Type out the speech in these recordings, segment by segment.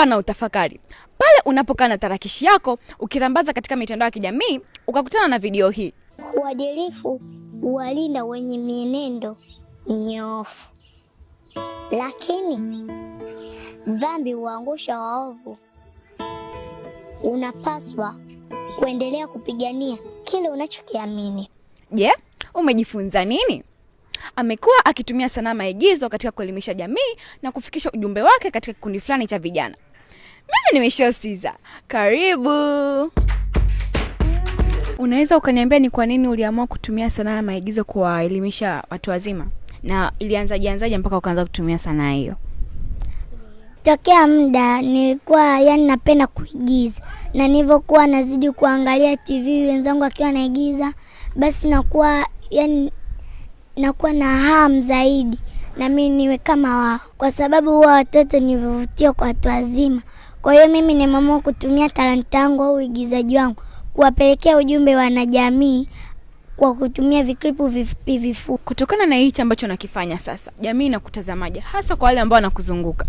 Kaa na utafakari pale unapokaa na tarakishi yako ukirambaza katika mitandao ya kijamii, ukakutana na video hii. Uadilifu walinda wenye mienendo nyofu lakini dhambi huangusha waovu. Unapaswa kuendelea kupigania kile unachokiamini. Je, yeah, umejifunza nini? Amekuwa akitumia sanaa maigizo katika kuelimisha jamii na kufikisha ujumbe wake katika kikundi fulani cha vijana mimi nimesha siza. Karibu. Unaweza ukaniambia ni kwa nini uliamua kutumia sanaa ya maigizo kuwaelimisha watu wazima, na ilianzaje mpaka ukaanza kutumia sanaa hiyo? Tokea muda nilikuwa yani napenda kuigiza, na nilivyokuwa nazidi kuangalia TV wenzangu akiwa naigiza basi nakuwa yani nakuwa na hamu zaidi na mimi niwe kama wao, kwa sababu huwa watoto ni kwa watu wazima, kwa hiyo mimi nimeamua kutumia talanta yangu au uigizaji wangu kuwapelekea ujumbe wanajamii kwa kutumia vikripu vifupi vifupi. Kutokana na hichi ambacho nakifanya sasa, jamii inakutazamaje, hasa kwa wale ambao wanakuzunguka?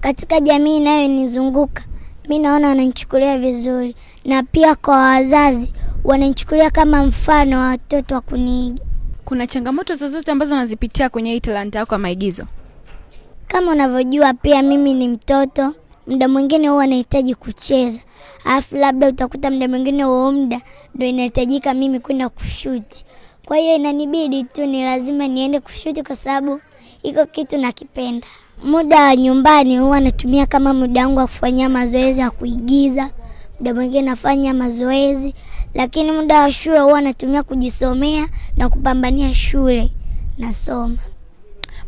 Katika jamii inayonizunguka mi naona wananichukulia vizuri, na pia kwa wazazi wananichukulia kama mfano wa watoto wa kuniiga. Kuna changamoto zozote ambazo nazipitia kwenye hii talanta yako ya maigizo? Kama unavyojua, pia mimi ni mtoto muda mwingine huwa anahitaji kucheza, alafu labda utakuta muda mwingine huo muda ndio inahitajika mimi kwenda kushuti. Kwa hiyo inanibidi tu, ni lazima niende kushuti kwa sababu iko kitu nakipenda. Muda wa nyumbani huwa natumia kama muda wangu wa kufanyia mazoezi ya kuigiza, muda mwingine nafanya mazoezi, lakini muda wa shule huwa natumia kujisomea na kupambania shule, nasoma.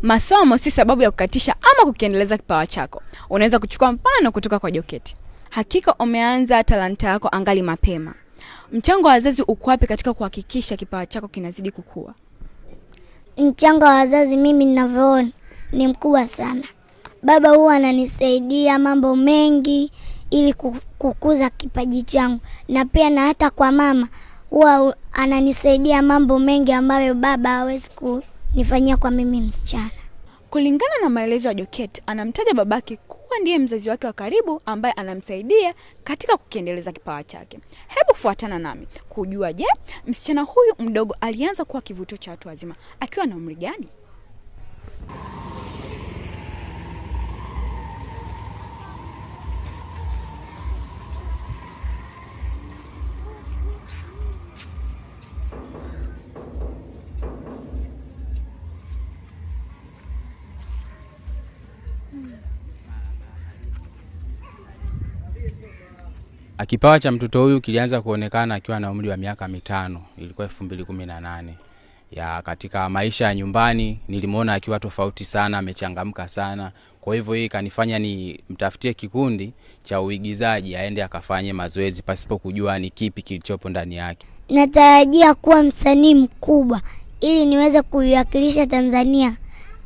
Masomo si sababu ya kukatisha ama kukiendeleza kipawa chako. Unaweza kuchukua mfano kutoka kwa Joketi. Hakika umeanza talanta yako angali mapema. Mchango wa wazazi uko wapi katika kuhakikisha kipawa chako kinazidi kukua? Mchango wa wazazi, mimi ninavyoona, ni mkubwa sana. Baba huwa ananisaidia mambo mengi ili kukuza kipaji changu, na pia na hata kwa mama huwa ananisaidia mambo mengi ambayo baba hawezi ku nifanyia kwa mimi msichana. Kulingana na maelezo ya joket anamtaja babake kuwa ndiye mzazi wake wa karibu ambaye anamsaidia katika kukiendeleza kipawa chake. Hebu fuatana nami kujua, je, msichana huyu mdogo alianza kuwa kivutio cha watu wazima akiwa na umri gani? Kipawa cha mtoto huyu kilianza kuonekana akiwa na umri wa miaka mitano, ilikuwa 2018. Ya katika maisha ya nyumbani nilimwona akiwa tofauti sana, amechangamka sana. Kwa hivyo hii kanifanya ni mtafutie kikundi cha uigizaji aende akafanye mazoezi pasipo kujua ni kipi kilichopo ndani yake. Natarajia kuwa msanii mkubwa ili niweze kuiwakilisha Tanzania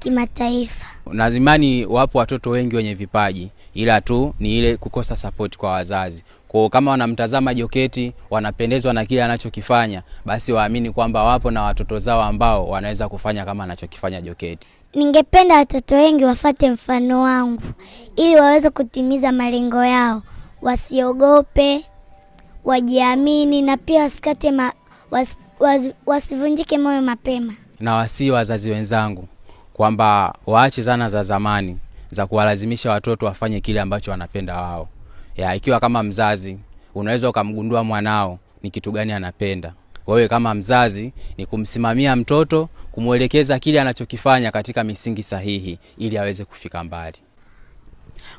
kimataifa. Nadhimani wapo watoto wengi wenye vipaji, ila tu ni ile kukosa sapoti kwa wazazi Kwa Kama wanamtazama Joketi wanapendezwa na kile anachokifanya, basi waamini kwamba wapo na watoto zao ambao wanaweza kufanya kama anachokifanya Joketi. Ningependa watoto wengi wafate mfano wangu ili waweze kutimiza malengo yao, wasiogope, wajiamini na pia wasikate ma, was, was, wasivunjike moyo mapema na wasii wazazi wenzangu kwamba waache zana za zamani za kuwalazimisha watoto wafanye kile ambacho wanapenda wao. Ya, ikiwa kama mzazi unaweza ukamgundua mwanao ni kitu gani anapenda, wewe kama mzazi ni kumsimamia mtoto, kumwelekeza kile anachokifanya katika misingi sahihi ili aweze kufika mbali.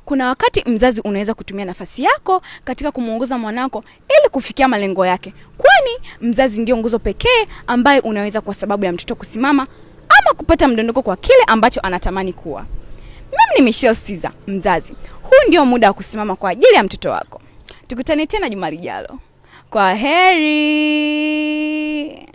Kuna wakati mzazi unaweza kutumia nafasi yako katika kumwongoza mwanako ili kufikia malengo yake, kwani mzazi ndio nguzo pekee ambaye unaweza kwa sababu ya mtoto kusimama ama kupata mdondoko kwa kile ambacho anatamani kuwa. Mimi ni Michelle Caesar, mzazi. Huu ndio muda wa kusimama kwa ajili ya mtoto wako. Tukutane tena juma lijalo. Kwa heri.